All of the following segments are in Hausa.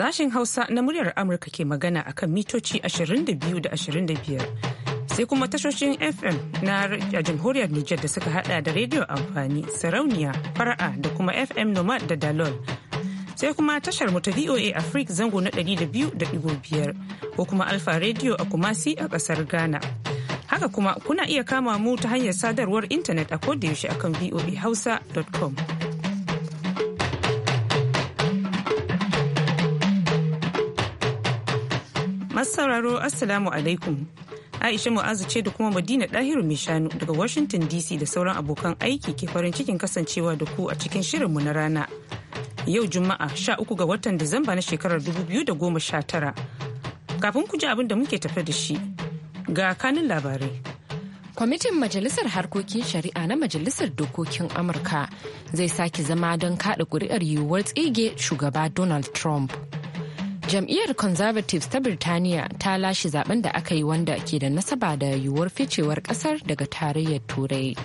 Sashen Hausa na muryar Amurka ke magana akan mitoci 22 da 25. Sai kuma tashoshin FM na jamhuriyar Nijar da suka hada da rediyo amfani, sarauniya, fara'a da kuma FM Nomad da Dalol. Sai kuma tashar ta VOA Africa zango na 200.5 ko kuma Alfa Rediyo a Kumasi a kasar Ghana. Haka kuma kuna iya kama mu ta hanyar sadarwar intanet a kodayaushe akan VOA voahausa.com. Masu sauraro Assalamu alaikum. Aisha Mu'azu ce da kuma Madina Dahiru mai shanu daga Washington DC da sauran abokan aiki ke farin cikin kasancewa da ku a cikin shirinmu na rana. Yau Juma'a 13 ga watan Disamba na shekarar 2019. Kafin ku ji abin da muke tafe da shi ga kanin labarai. kwamitin majalisar harkokin shari'a na majalisar dokokin amurka zai sake zama don kaɗa kuri'ar yiwuwar tsige shugaba donald trump jam'iyyar conservatives ta birtaniya ta lashe zaben da aka yi wanda ke da nasaba da yiwuwar ficewar kasar daga tarayyar turai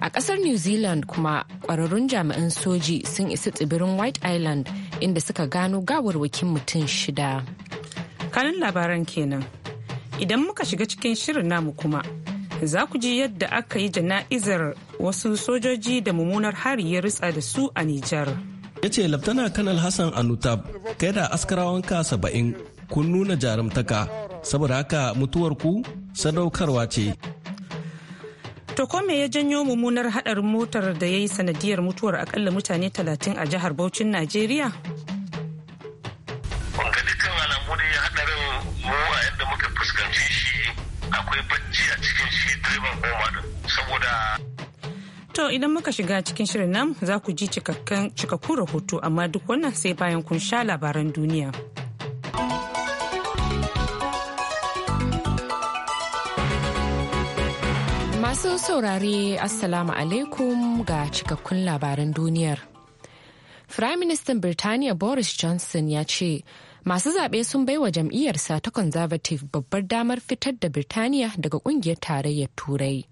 a kasar new zealand kuma kwararrun jami'an soji sun isa tsibirin white island inda suka gano gawarwakin mutum shida kanin labaran kenan idan muka shiga cikin shirin namu kuma za ku ji yadda aka yi jana'izar wasu sojoji da mummunar hari ya ritsa da su a nijar ya ce laftana kanal hassan anutab kai da askarawanka saba'in kun nuna jarumtaka saboda haka mutuwar ku sadaukarwa ce To kome ya janyo mummunar hadar motar da ya yi sanadiyar mutuwar akalla mutane 30 a jihar Bauchin Najeriya? Ga alamu hadarin mu yadda muka fuskanci shi akwai bacci a cikin shi direban goma saboda To idan muka shiga cikin shirin nan za ku ji cikakkun rahoto amma duk wannan sai bayan kun sha labaran duniya. Masu saurare Assalamu alaikum ga cikakkun labaran duniyar. Firaministan Birtaniya Boris Johnson ya ce masu zaɓe sun baiwa jam'iyyarsa ta Conservative babbar damar fitar da Birtaniya daga ƙungiyar tarayyar Turai.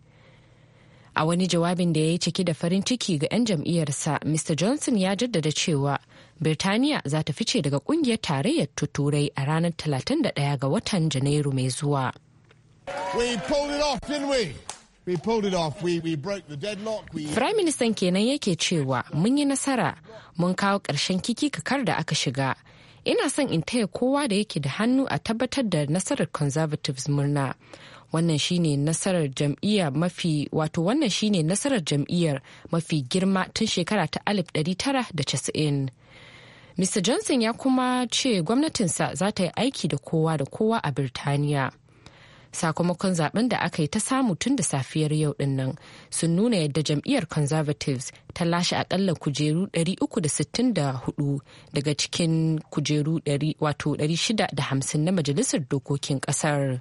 A wani jawabin da ya yi ciki da farin ciki ga 'yan jam'iyyarsa, Mr. Johnson ya jaddada cewa Birtaniya za ta fice daga kungiyar tarayyar turai a ranar 31 ga watan Janairu mai zuwa. Firayim ministan kenan yake cewa mun yi nasara mun kawo ƙarshen kiki kakar da aka shiga. Ina son in taya kowa da yake da hannu a tabbatar da nasarar Conservatives murna. wannan shine nasarar jam'iyyar mafi wato wannan shine nasarar jam'iyyar mafi girma tun shekara ta 1990 Mr. Johnson ya kuma ce gwamnatinsa za ta yi aiki da kowa da kowa a Birtaniya. Sakamakon zaben da aka yi ta samu tun da safiyar yau din nan sun nuna yadda jam'iyyar Conservatives ta lashe akalla kujeru 364 daga cikin kujeru 650 na Majalisar Dokokin Kasar.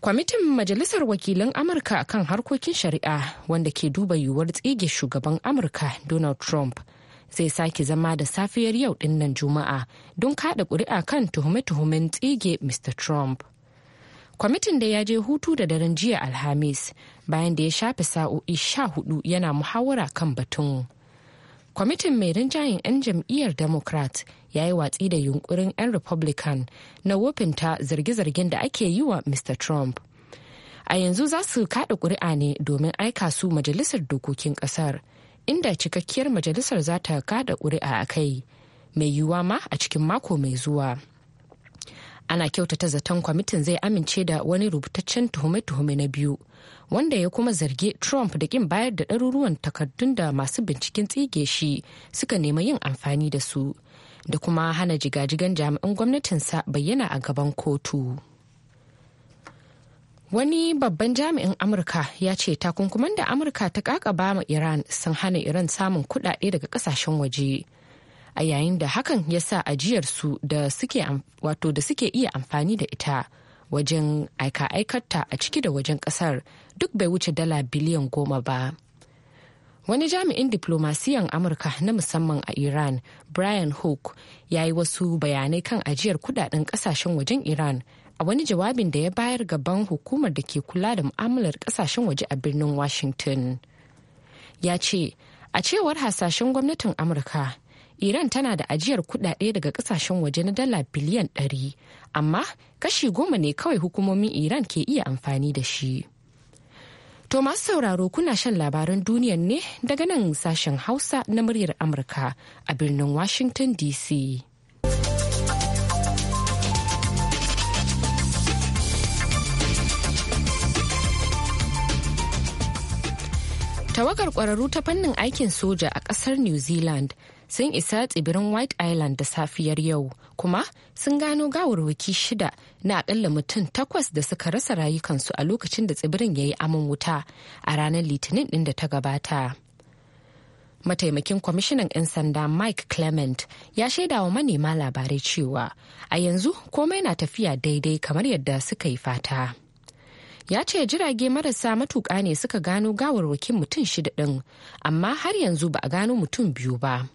Kwamitin Majalisar Wakilan Amurka kan harkokin shari'a wanda ke duba yiwuwar tsige shugaban Amurka Donald Trump zai sake zama da safiyar yau dinnan Juma'a don kada ƙuri'a kan tuhume-tuhumen tsige Mr. Trump. Kwamitin da ya je hutu da daren jiya Alhamis bayan da ya shafe sa'o'i sha hudu yana muhawara kan batun. kwamitin mai rinjayen 'yan jam'iyyar democrat ya yi watsi da yunkurin 'yan republican na wofinta zarge-zargen da ake yi wa mr trump a yanzu za su kaɗa ƙuri'a ne domin aika su majalisar dokokin ƙasar inda cikakkiyar majalisar za ta kada ƙuri'a a kai mai yiwuwa ma a cikin mako mai zuwa ana kyautata zaton kwamitin zai amince da wani rubutaccen tuhume-tuhume na biyu wanda ya kuma zarge trump da kin bayar da ɗaruruwan takardun da masu binciken tsige shi suka nema yin amfani da su da kuma hana jigajigan jami'an gwamnatinsa bayyana a gaban kotu wani babban jami'in amurka ya ce takunkuman da amurka ta kakaba ma iran sun hana iran samun kudade daga kasashen waje. a yayin da hakan ya sa ajiyarsu da suke wato da suke iya amfani da ita wajen aika-aikarta a ciki da wajen kasar duk bai wuce dala biliyan goma ba wani jami'in diplomasiyan amurka na musamman a iran brian hook ya yi wasu bayanai kan ajiyar kudaden kasashen wajen iran a wani jawabin da ya bayar gaban hukumar da ke kula da mu'amalar kasashen waje a birnin washington ya ce a cewar hasashen gwamnatin amurka Iran tana da ajiyar kudade daga kasashen waje na dala biliyan 100, amma kashi goma ne kawai hukumomin Iran ke iya amfani da shi. To masu sauraro kuna shan labaran duniyan ne daga nan sashen Hausa na muryar Amurka a birnin Washington DC. Tawagar kwararru ta fannin aikin soja a ƙasar New Zealand sun isa tsibirin white island da safiyar yau kuma sun gano gawarwaki shida na akalla mutum takwas da suka rasa rayukansu a lokacin da tsibirin ya yi amun wuta a ranar litinin ɗin da ta gabata mataimakin kwamishinan 'yan sanda mike clement ya shaida wa manema labarai cewa a yanzu komai na tafiya daidai kamar yadda suka yi fata ya ce jirage marasa matuka ne suka gano gawarwakin mutum shida ɗin amma har yanzu ba a gano mutum biyu ba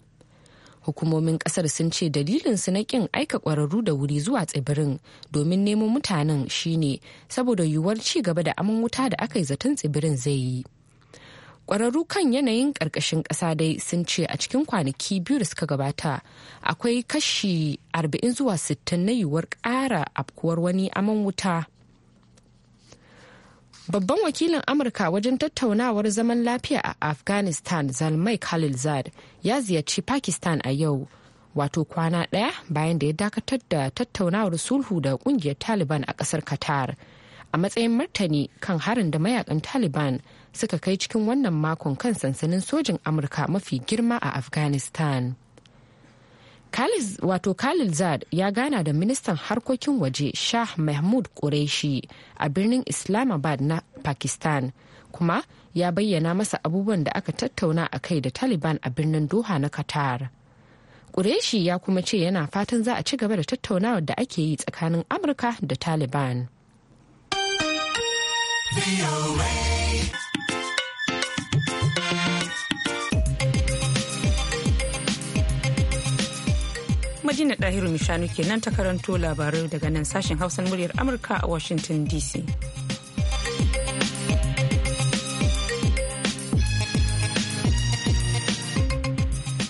hukumomin kasar sun ce dalilin su na kin aika kwararru da wuri zuwa tsibirin domin nemo mutanen shine saboda yiwuwar ci gaba da aman wuta da aka yi zaton tsibirin zai yi kwararru kan yanayin karkashin kasa dai sun ce a cikin kwanaki biyu da suka gabata akwai kashi 40 zuwa 60 na yiwuwar kara afkuwar wani aman wuta Babban wakilin Amurka wajen tattaunawar zaman lafiya a Afghanistan Zalmai Khalilzad ya ziyarci Pakistan a yau. Wato kwana ɗaya bayan da ya dakatar da tattaunawar sulhu da ƙungiyar Taliban a ƙasar Qatar. A matsayin martani kan harin da mayakan Taliban suka kai cikin wannan makon kan sansanin sojin Amurka mafi girma a Afghanistan. wato khalil zad ya gana da ministan harkokin waje shah mahmud qureshi a birnin islamabad na pakistan kuma ya bayyana masa abubuwan da aka tattauna a kai da taliban a birnin doha na qatar Qureshi ya kuma ce yana fatan za a ci gaba da tattaunawa da ake yi tsakanin amurka da taliban. Madina Dahiru Mishanu kenan ta karanto labarai daga nan sashen Hausan muryar Amurka a Washington DC.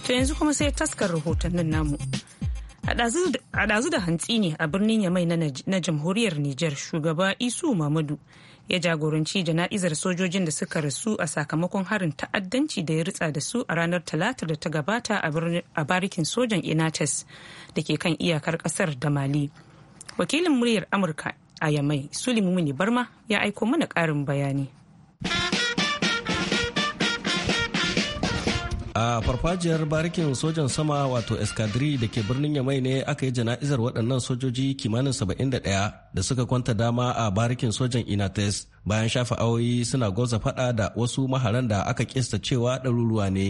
To yanzu kuma sai taskar rahotannin namu. A ɗazu da hantsi ne a birnin Yamai na jamhuriyar Nijar shugaba Isu Mamadu ya jagoranci jana'izar sojojin da suka rasu a sakamakon harin ta'addanci da ya ritsa da su a ranar talatar da ta gabata a barikin sojan inates da ke kan iyakar kasar da mali wakilin muryar amurka a yamai sulimuni barma ya aiko mana karin bayani a farfajiyar barikin sojan sama wato eskadri da ke birnin yamai ne aka yi jana'izar waɗannan sojoji kimanin 71 da suka kwanta dama a barikin sojan inates bayan shafa awoyi suna goza fada da wasu maharan da aka kista cewa ɗaruruwa ne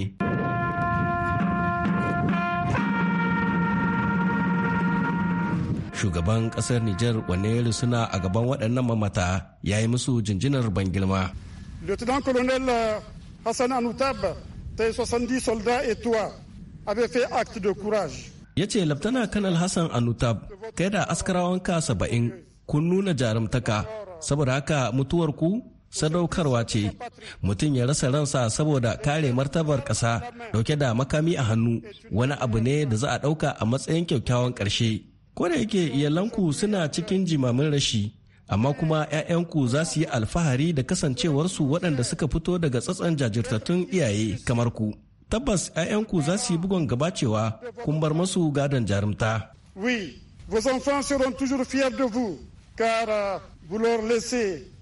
shugaban ƙasar niger wane suna a gaban waɗannan mamata ya yi musu jinjinar ban girma tes 70 soldats et toi avait fait acte de courage. Ya Laftana Kanal Hassan Anutab, kai da askarawanka saba'in kun nuna jarumtaka, saboda haka mutuwar ku sadaukarwa ce mutum ya rasa ransa saboda kare martabar ƙasa dauke da makami a hannu wani abu ne da za a ɗauka a matsayin kyakkyawan ƙarshe ko da yake iyalanku suna cikin jimamin rashi amma kuma 'ya'yanku za su yi alfahari da kasancewarsu waɗanda suka fito daga tsatsan jajirtattun iyaye kamar ku tabbas 'ya'yanku za su yi bugon gaba cewa kun bar masu gadon jarumta oui vos enfants seront toujours fiers de vous car euh,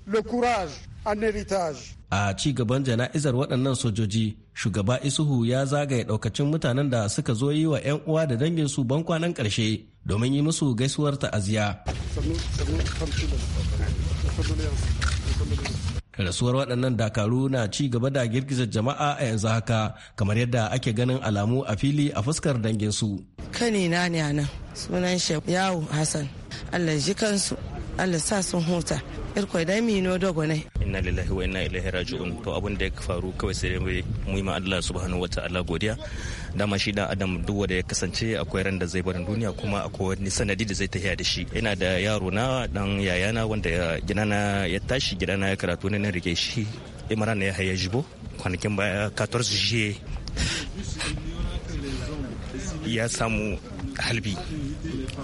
le courage en héritage a ci gaban jana'izar waɗannan sojoji shugaba isuhu ya zagaya daukacin mutanen da suka zo yi wa 'yan uwa da dangin su bankwanan karshe domin yi musu gaisuwar ta'aziya rasuwar waɗannan dakaru na ci gaba da girgizar jama'a a yanzu haka kamar yadda ake ganin alamu a fili a fuskar danginsu kanina ne a nan sunan yawo hassan allah ji kansu Allah sa sun huta irko da mi no dogo ne inna lillahi wa inna ilaihi raji'un to abin da ya faru kawai sai dai mu ma Allah subhanahu ta'ala godiya dama shi dan adam duk wanda ya kasance akwai ran da zai barin duniya kuma akwai wani sanadi da zai ta tafiya da shi ina da yaro na dan yayana wanda na ya tashi gidana ya karatu ne na rike shi imran ya haye jibo kwanakin baya 14 ya samu halbi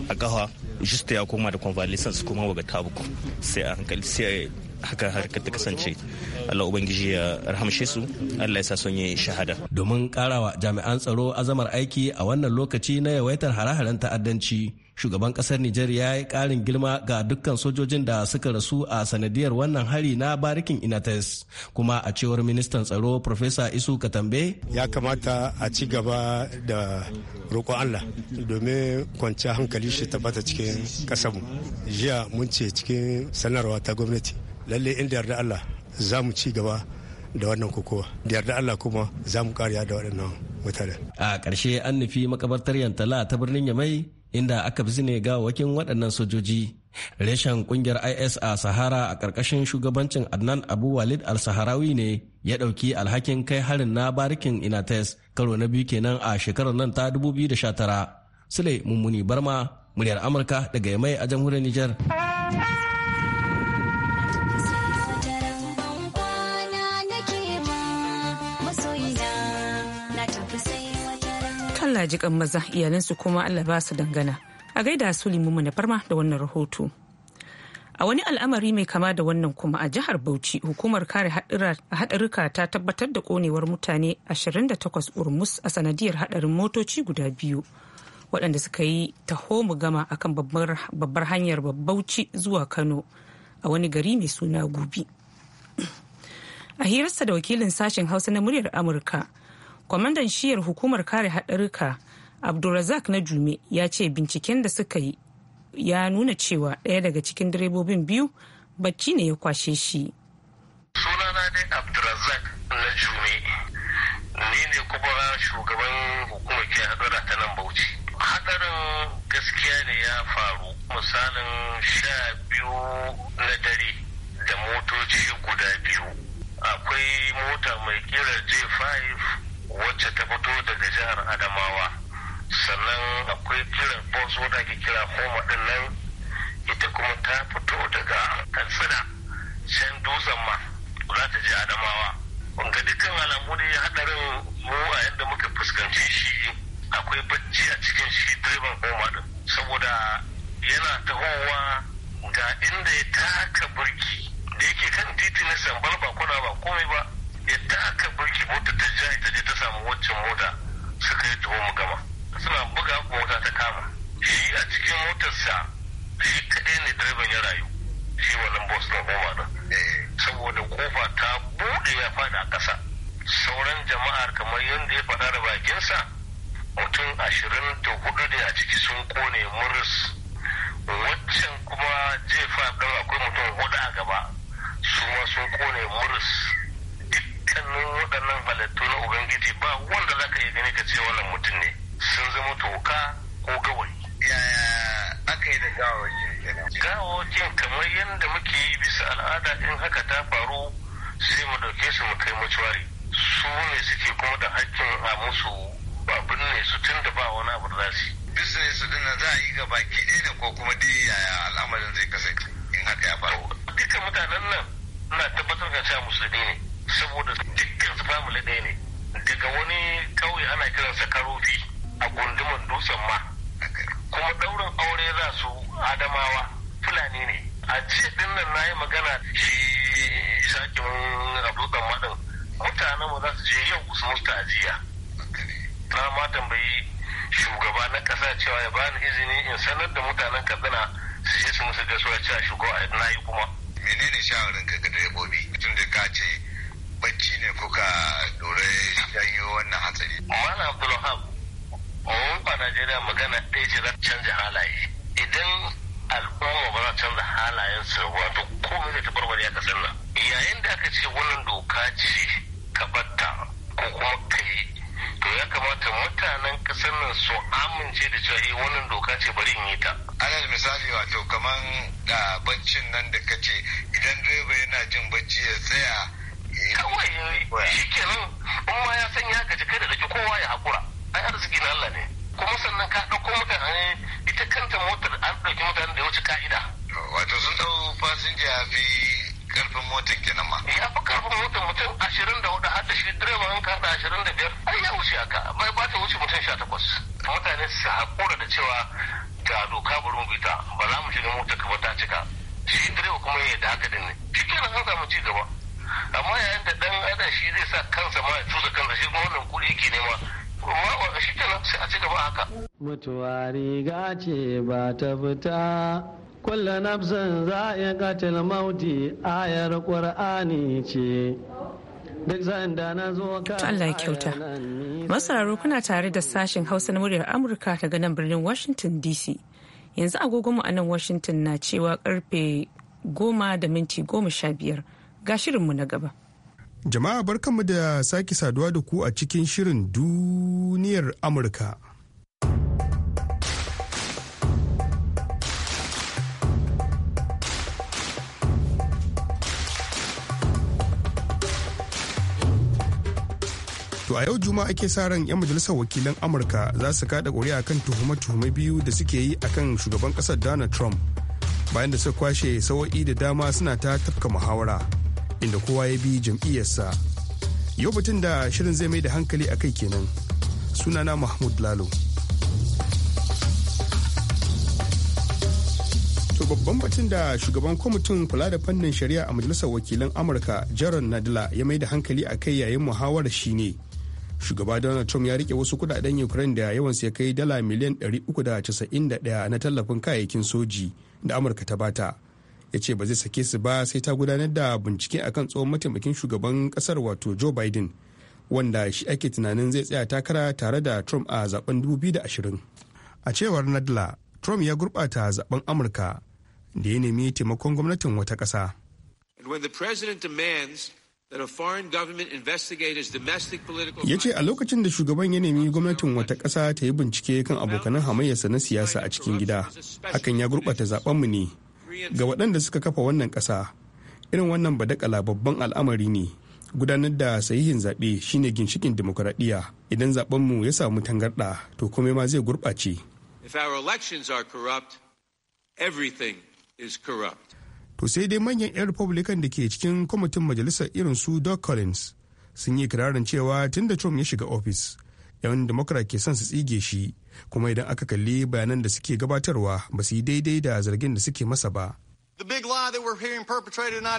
a kafa just ya koma da convalescence kuma ga tabuku sai a hankali sai haka harkar ta kasance allah ubangiji ya rahamshe su allah ya sa sun yi shahada domin karawa jami'an tsaro azamar aiki a wannan lokaci na yawaitar hare-haren ta'addanci shugaban kasar nijar ya yi karin girma ga dukkan sojojin da suka rasu a sanadiyar wannan hari na barikin inates kuma a cewar ministan tsaro profesa isu katambe ya kamata a ci gaba da roƙon allah domin kwanciyar hankali shi tabbata cikin ƙasarmu jiya mun ce cikin sanarwa ta gwamnati lalle in da yarda Allah za mu ci gaba da wannan kokowa da yarda Allah kuma za mu kariya da waɗannan mutane. A ƙarshe an nufi makabartar Yantala ta birnin Yamai inda aka fi ga wakin waɗannan sojoji. Reshen kungiyar IS a Sahara a ƙarƙashin shugabancin Adnan Abu Walid al-Saharawi ne ya ɗauki alhakin kai harin na barikin Inates karo na biyu kenan a shekarar nan ta 2019. Sule Mummuni Barma, muryar Amurka daga Yamai a jamhuriyar Nijar. Allah ji maza iyalansu kuma Allah ba su dangana. A gaida su limu na farma da wannan rahoto. A wani al'amari mai kama da wannan kuma a jihar Bauchi hukumar kare haɗarurruka ta tabbatar da konewar mutane 28 urmus a sanadiyar haɗarin motoci guda biyu waɗanda suka yi taho mu gama akan babbar hanyar Bauchi zuwa Kano a wani gari mai suna Gubi. A hirarsa da wakilin sashen Hausa na muryar Amurka. kwamandan shiyar hukumar kare haɗarika abdulrazak na jume ya ce binciken da suka yi ya nuna cewa ɗaya daga cikin direbobin biyu bacci ne ya kwashe shi sunana ne abdulrazak na jume ni ne kuma shugaban hukumar ke hadura ta nan bauchi hadarin gaskiya ne ya faru misalin sha biyu na dare da motoci guda biyu akwai mota mai kira j5 wacce ta fito daga jihar adamawa sannan akwai kiran bos wadda ake kira homa din nan ita kuma ta fito daga katsina can dutsen ma za ta je adamawa ga dukkan alamu ne hadarin mu a yadda muka fuskanci shi akwai bacci a cikin shi direban homa din saboda yana tahowa ga inda ya taka birki da yake kan titi na sambal ba kuna ba komai ba yadda aka burki mota ta ja ta je ta samu waccan mota suka yi tuwo mu gama suna buga mota ta kama shi a cikin motarsa shi kaɗai ne direban ya rayu shi wannan bos na goma da saboda kofa ta buɗe ya faɗi a ƙasa sauran jama'ar kamar yadda ya faɗa da bakinsa mutum ashirin da hudu ne a ciki sun kone muris waccan kuma jefa ɗan akwai mutum hudu a gaba su ma sun kone muris dukkanin waɗannan halittu na ubangiji ba wanda za ka yi gani ka ce wannan mutum ne sun zama toka ko gawayi yaya aka yi da gawawakin kenan gawawakin kamar yadda muke yi bisa al'ada in haka ta faru sai mu ɗauke su mu kai mucuwari su ne suke kuma da hakkin a musu babin ne su tun da ba wani abu da su bisa ne su dinna za a yi ga baki ɗaya ne ko kuma dai yaya al'amarin zai kasance in haka ya faru dukkan mutanen nan na tabbatar da cewa musulmi ne saboda dukkan su family ɗaya ne daga wani kauye ana kiran kiransa karofi a gunduman dutsen ma kuma ɗaurin aure za su adamawa fulani ne a jiya ɗin nan na yi magana shi sakin abdulkan maɗin mutanen mu za su je yau su musta ajiya na ma tambayi shugaba na ƙasa cewa ya bani izini in sanar da mutanen kaduna su je su musu gasuwa cewa shugaba na yi kuma menene shawarin ka ga direbobi tun da ka ce bacci ne kuka dore janyo wannan hatsari. Mana Abdulhab, ba Najeriya magana ɗaya ce za ta canja halaye. Idan al'umma ba za canza halayen halayensu wato komai da bar a kasar nan. Yayin da aka ce wannan doka ce ka batta ko kuma ka yi to ya kamata mutanen ƙasar nan su amince da cewa yi eh, wannan doka ce bari in yi ta. Alal misali wato kaman ah, baccin nan da ka ce idan direba yana jin bacci ya tsaya kawai ya eh, yi shi kenan in ma ya san ya gaji kada da kowa ya haƙura ai arziki na Allah ne kuma sannan ka ɗauko mutane ita kanta motar an ɗauki mutane da ya wuce ka'ida. wato sun ɗau fasinja fi karfin motar kenan ma. ya fi karfin motar mutum ashirin da hudu har da shi direba an kaɗa ashirin da biyar ai ya wuce haka bai ba ta wuce mutum sha takwas. mutane su haƙura da cewa ga doka bari bita ba za mu shiga motar ka ba ta cika shi direba kuma ya da haka din ne shi kenan an samu ci gaba. amma yayin da dan adam shi zai sa kansa ma ya tusa kansa shi kuma wannan kuɗi yake nema amma shi ta sai a ci gaba haka mutuwa riga ce ba ta fita kulla nafsan za a katil mauti ayar qur'ani ce duk na zo ka Allah ya kyauta masararo kuna tare da sashen hausa na muryar amurka ta ganin birnin washington dc yanzu agogonmu a nan washington na cewa karfe goma da minti goma sha biyar Ga shirinmu na gaba. Jama'a barkanmu da sake saduwa da ku a cikin shirin duniyar Amurka. To a yau juma ake sa ran 'yan majalisar wakilan Amurka za su kada ƙuri'a kan tuhume-tuhume biyu da suke yi akan shugaban ƙasar Donald Trump bayan da suka kwashe sawa'i da dama suna ta tafka muhawara. inda kowa ya bi jam'iyyarsa yau batun da shirin zai mai da hankali a kai kenan sunana mahmud lalo to babban batun da shugaban kwamitin kula da fannin shari'a a majalisar wakilan amurka jaron nadila ya mai da hankali a kai yayin muhawarar shine shugaba donald trump ya rike wasu kudaden ukraine da yawan ya kai dala miliyan 391 na tallafin kayayyakin soji da amurka ta bata ya ce ba zai sake su ba sai ta gudanar da bincike akan tsohon mataimakin shugaban kasar wato joe biden wanda shi ake tunanin zai tsaya takara tare da trump a zaben 2020 a cewar nadla trump ya gurɓata zaben amurka da ya nemi taimakon gwamnatin wata ƙasa ya ce a lokacin da shugaban ya nemi gwamnatin wata ƙasa ta yi bincike kan abokanan hamayyarsa na siyasa a cikin gida hakan ya gurɓata mu ne ga waɗanda suka kafa wannan ƙasa irin wannan badakala babban al'amari ne gudanar da sahihin zaɓe shine ginshikin dimokuraɗiyya idan zaɓenmu ya samu tangarɗa to komai ma zai gurɓace. To sai dai manyan 'yan Republican da ke cikin kwamitin majalisar irin su Doug Collins sun yi kirarin cewa tun da Trump ya shiga ofis, 'yan Democrat ke son su tsige shi kuma idan aka kalli bayanan da suke gabatarwa ba su yi daidai da zargin da suke masa ba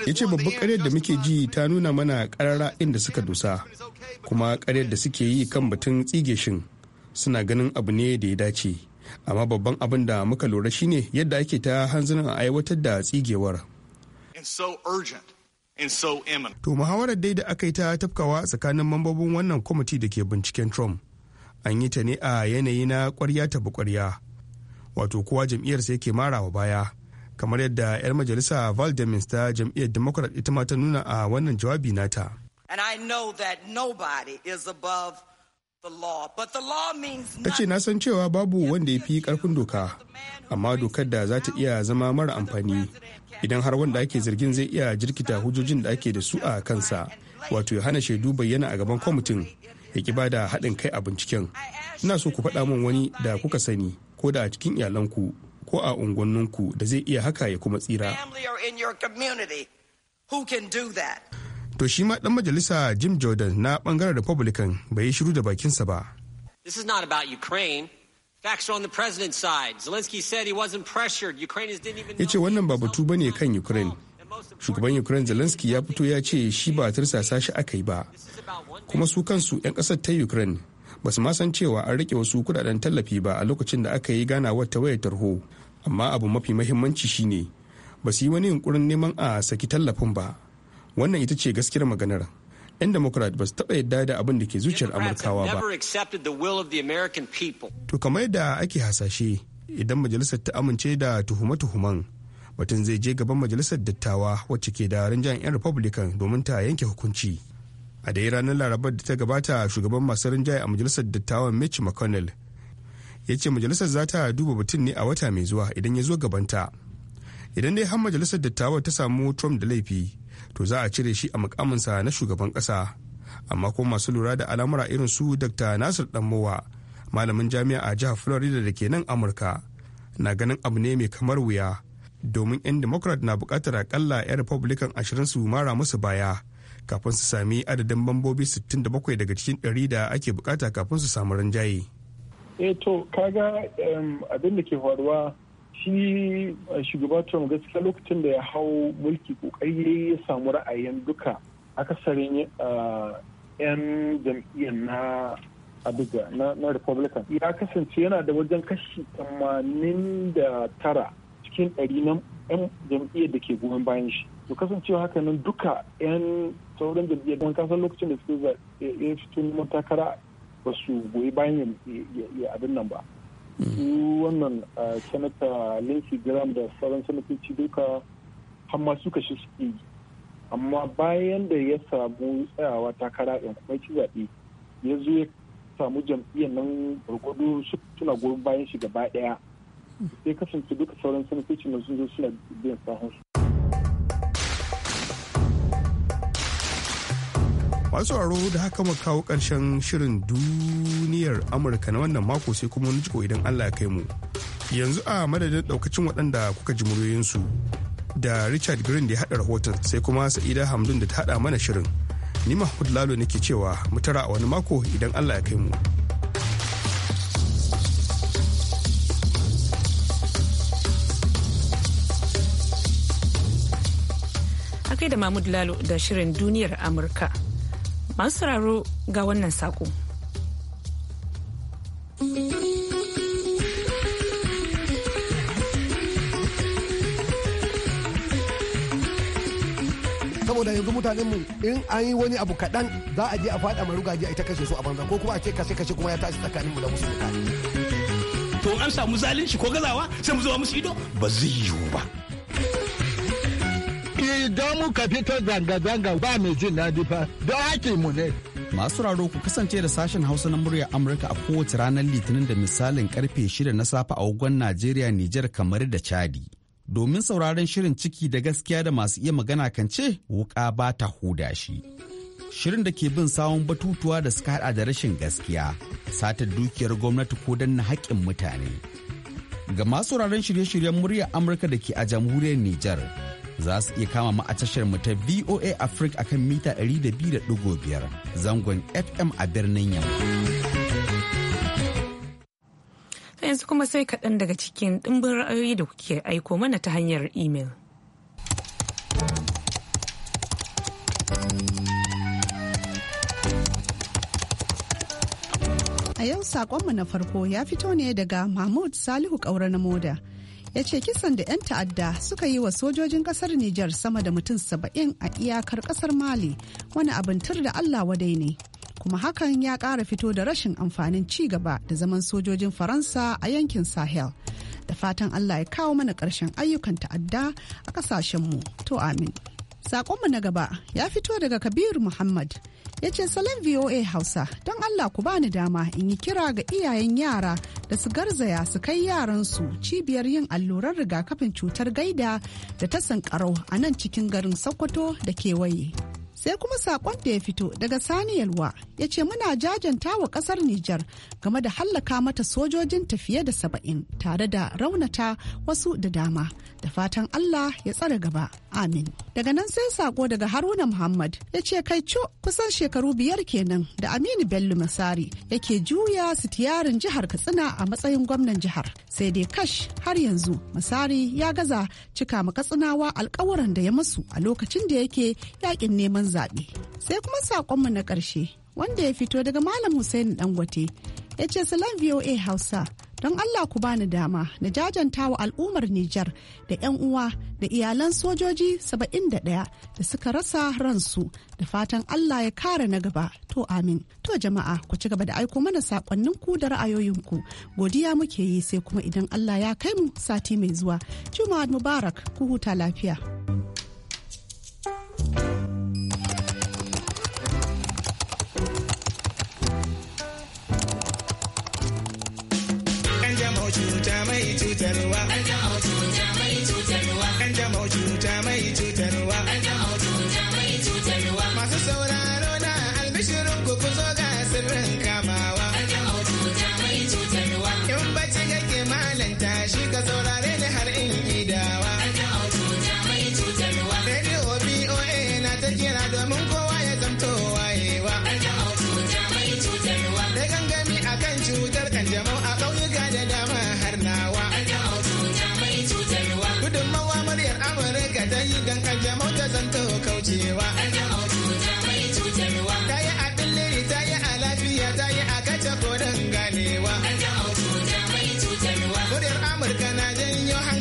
ya ce babban karyar da muke ji ta nuna mana karara inda suka dusa kuma karyar da suke yi kan batun tsige shin suna ganin abu ne da ya dace amma babban abin da muka lura shine yadda ake ta hanzunan a aiwatar da tsigewar to muhawarar dai da aka yi ta tafkawa tsakanin mambobin wannan kwamiti da ke binciken trump an yi ta ne a yanayi na kwarya ta bukwarya wato kowa jam'iyyarsa yake marawa baya kamar yadda 'yar majalisa valdemins ta jam'iyyar democrat ita ma ta nuna a wannan jawabi nata ta ce na san cewa babu wanda ya fi karfin doka amma dokar da za ta iya zama mara amfani idan har wanda ake zargin zai iya jirkita hujjojin da ake da su a kansa wato ya hana shaidu bayyana a gaban kwamitin ya ki bada haɗin kai a binciken ina so ku faɗa min wani da kuka sani ko da a cikin iyalanku ko a unguwanninku da zai iya haka ya kuma tsira to shi ma dan majalisa jim jordan na bangaren republican bai yi shiru da bakinsa ba this is not about ukraine ya ce wannan ba batu bane kan ukraine shugaban ukraine zelensky ya fito ya ce shi ba tirsasa shi aka yi ba kuma su kansu 'yan kasar ta ukraine ba su san cewa an rike wasu kudaden tallafi ba a lokacin da aka yi ganawar ta wayar tarho amma abu mafi mahimmanci shine ba su yi wani yunkurin neman a saki tallafin ba wannan ita ce gaskiyar maganar 'yan democrat ba su taɓa yadda da abin da ke zuciyar amurkawa ba to kamar da ake hasashe idan majalisar ta amince da tuhume tuhuman batun zai je gaban majalisar dattawa wacce ke da rinjayen 'yan republican domin ta yanke hukunci a dai ranar larabar da ta gabata shugaban masu rinjaye a majalisar dattawan mitch mcconnell ya ce majalisar za ta duba batun ne a wata mai zuwa idan ya zo gabanta idan dai har majalisar dattawa ta samu trump da laifi to za a cire shi a mukaminsa na shugaban kasa amma kuma masu lura da al'amura irin su dr nasir danmowa malamin jami'a a jihar florida da ke nan amurka na ganin abu ne mai kamar wuya domin 'yan democrat na bukatar akalla 'yan republican ashirin su mara musu baya kafin su sami adadin bambobi 67 daga cikin 100 da ake bukata kafin su samu ranjaye. eh to kaga abin da ke faruwa shi eh, shugaba trump gaskiya lokacin da ya hau mulki kokari ya samu ra'ayin duka akasarin eh, yan jam'iyyar na abuja na republican ya kasance yana da wajen kashi 89 cikin ɗari na 'yan jam'iyyar da ke goyon bayan shi to kasancewa haka nan duka 'yan sauran jam'iyyar don kasan lokacin da suke ya fito neman takara ba su goyi bayan ya abin nan ba su wannan sanata lindsey graham da sauran sanatoci duka har ma suka shi suke yi amma bayan da ya samu tsayawa takara yan kuma ci zaɓe ya zo ya samu jam'iyyar nan gwargwado suna goyon bayan shi gaba ɗaya sai kasance duka sauran sanatoci masu zo suna biyan sahun masu aro da haka mu kawo ƙarshen shirin duniyar amurka na wannan mako sai kuma wani jiko idan allah ya kai mu yanzu a madadin ɗaukacin waɗanda kuka ji muryoyinsu da richard green da ya haɗa rahoton sai kuma sa'ida hamdun da ta haɗa mana shirin ni mahmud lalo nake cewa mutara a wani mako idan allah ya kai mu. kai da Mahmud Lalo da shirin duniyar Amurka. Masu sauraro ga wannan sako. saboda yanzu mutanenmu mu in an yi wani abu kaɗan za a je a faɗa marugaji a ita kashe su a banza ko kuma a ce kashe kashe kuma ya tashi tsakanin mu da musu mutane. To an samu zalunci ko gazawa sai mu zuba musu ido ba zai yiwu ba. yi don muka fito zanga-zanga ba mai jin daɗi fa don haƙi mu ne. Masu raro ku kasance da sashen Hausa na muryar Amurka a kowace ranar Litinin da misalin karfe shida na safe a wagon Najeriya, Nijar, kamar da Chadi. Domin sauraron shirin ciki da gaskiya da masu iya magana kan ce wuka ba ta huda shi. Shirin da ke bin sawun batutuwa da suka haɗa da rashin gaskiya, satar dukiyar gwamnati ko danna haƙƙin mutane. Ga masu sauraron shirye-shiryen muryar Amurka da ke a jamhuriyar Nijar, za su iya kama mu a tashar mu ta VOA Africa akan mita 200.5 zangon FM a birnin yau. yanzu kuma sai kaɗan daga cikin ɗimbin ra'ayoyi da kuke aiko mana ta hanyar imel. A yau saƙonmu na farko ya fito ne daga Mahmud Salihu Ƙaura na Moda. ya ce kisan da 'yan ta'adda suka yi wa sojojin kasar Nijar sama da mutum saba'in a iyakar kasar Mali wani abin tur da Allah wadai ne. Kuma hakan ya ƙara fito da rashin amfanin ci gaba da zaman sojojin Faransa a yankin Sahel. Da fatan Allah ya kawo mana ƙarshen ayyukan ta'adda a ƙasashenmu. To amin. Saƙonmu na gaba ya fito daga Kabiru Muhammad ya ce salon voa hausa don allah ku bani dama in yi kira ga iyayen yara da su garzaya su kai yaransu cibiyar yin allurar rigakafin cutar gaida da ta sankarau a nan cikin garin sokoto da kewaye sai kuma sakon da ya fito daga sani yalwa ya ce muna jajanta wa kasar Nijar game da hallaka mata sojojin tafiye da saba'in tare da raunata wasu da dama da fatan Allah ya tsare gaba amin daga nan sai sako daga haruna muhammad ya ce kai co kusan shekaru biyar kenan da aminu bello masari yake juya sitiyarin jihar katsina a matsayin gwamnan jihar sai dai kash har yanzu masari ya gaza cika ma katsinawa alkawuran da ya masu a lokacin da yake yakin neman zaɓe. Sai kuma saƙonmu na ƙarshe wanda ya fito daga Malam Hussein Dangote ya ce salam VOA Hausa don Allah ku bani dama na jajanta wa al'ummar Nijar da 'yan uwa da iyalan sojoji 71 da suka rasa ransu da fatan Allah ya kare na gaba to amin. To jama'a ku ci gaba da aiko mana saƙonninku da ra'ayoyinku godiya muke yi sai kuma idan Allah ya kai mu sati mai zuwa. Juma'ar Mubarak ku huta lafiya.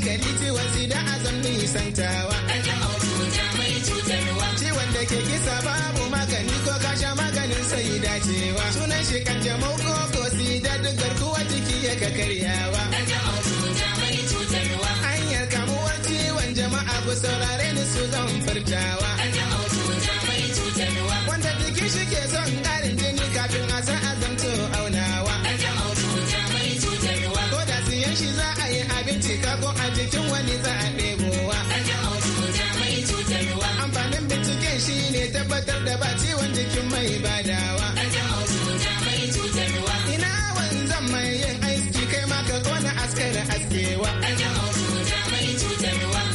gari ciwon sida a zan nisantawa ciwon da ke kisa babu magani ko kasha maganin sai dacewa sunan shi kan jamau ko ko sida duk garkuwa jiki ya ka karyawa hanyar kamuwar ciwon jama'a ku saurare ni su zan furtawa wanda jiki shi ke son ƙarin jini kafin a san azamto aure Chicago a jikin wani za a ɗebowa. Amfanin binciken shi ne tabbatar da ba ciwon jikin mai badawa. Ina wanzan mai yin aiki kai ma ka kona askara askewa.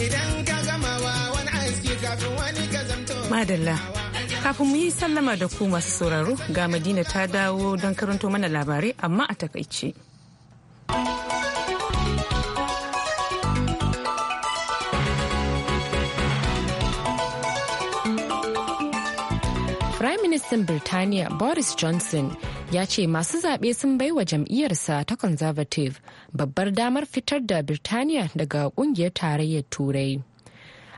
Idan ka gamawa wani aski kafin wani ka zamto. Madalla. Kafin mu yi sallama da ku masu sauraro ga Madina ta dawo don karanto mana labarai amma a takaice. ministan Birtaniya Boris Johnson ya ce masu zaɓe sun bai wa jam'iyyarsa ta Conservative babbar damar fitar da Birtaniya daga ƙungiyar tarayyar Turai.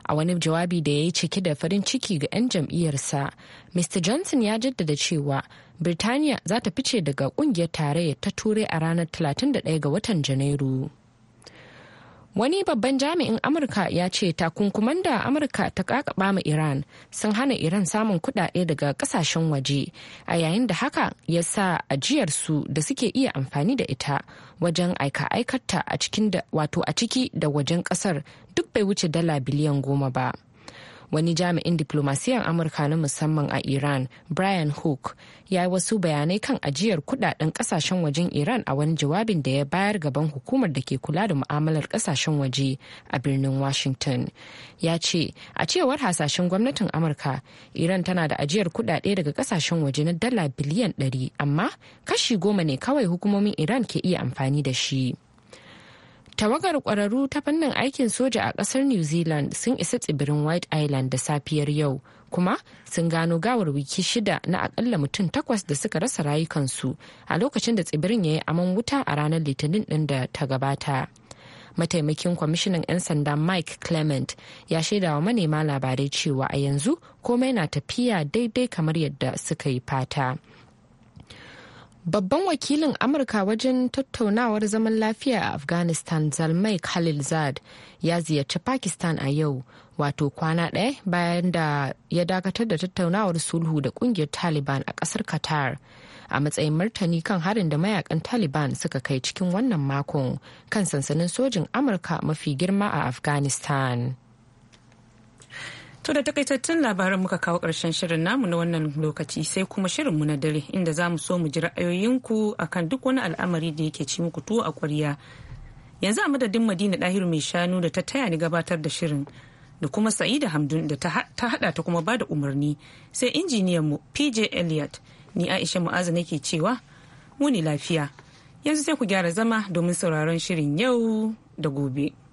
A wani jawabi da ya yi cike da farin ciki ga 'yan jam'iyyarsa, Mr. Johnson ya jaddada cewa Birtaniya za ta fice daga ƙungiyar tarayyar ta Turai a ranar 31 ga watan Janairu. Wani babban jami'in Amurka ya ce takunkuman da Amurka ta kakaba ma Iran sun hana Iran samun kudade daga kasashen waje, a yayin da haka ya sa ajiyarsu da suke iya amfani da ita wajen aika-aikarta a ciki da wajen kasar duk bai wuce dala biliyan goma ba. wani jami'in diplomasiyan amurka na musamman a iran brian hook ya yi wasu bayanai kan ajiyar kudaden kasashen wajen iran a wani jawabin da ya bayar gaban hukumar da ke kula da mu'amalar kasashen waje a birnin washington ya ce a cewar hasashen gwamnatin amurka iran tana da ajiyar kudade daga kasashen waje na dala biliyan 100 amma kashi goma ne kawai hukumomin iran ke iya amfani da shi. Tawagar kwararru ta fannin aikin soja a kasar New Zealand sun isa tsibirin White Island da safiyar yau. kuma sun gano gawar wiki shida na akalla mutum takwas da suka rasa rayukansu a lokacin da tsibirin ya yi aman wuta a ranar litinin din da ta gabata mataimakin kwamishinan 'yan sanda mike clement ya shaida wa manema labarai cewa a yanzu komai na tafiya daidai kamar yadda suka yi fata Babban wakilin Amurka wajen tattaunawar zaman lafiya a Afghanistan Zalmai Khalilzad ya ziyarci Pakistan a yau, wato kwana ɗaya bayan da ya dakatar da tattaunawar sulhu da ƙungiyar Taliban a ƙasar Qatar. A matsayin martani kan harin da mayakan Taliban suka kai cikin wannan makon kan sansanin sojin Amurka mafi girma a Afghanistan. To da takaitattun labaran muka kawo ƙarshen shirin namu na wannan lokaci sai kuma shirin mu na dare inda za mu so mu ji ra'ayoyinku akan duk wani al'amari da yake ci muku tuwo a ƙwarya. Yanzu a madadin Madina dahiru mai shanu da ta taya ni gabatar da shirin da kuma Sa'ida Hamdun da ta haɗa ta kuma bada umarni sai injiniyan mu PJ Elliot ni Aisha Mu'azu nake cewa mu muni lafiya. Yanzu sai ku gyara zama domin sauraron shirin yau da gobe.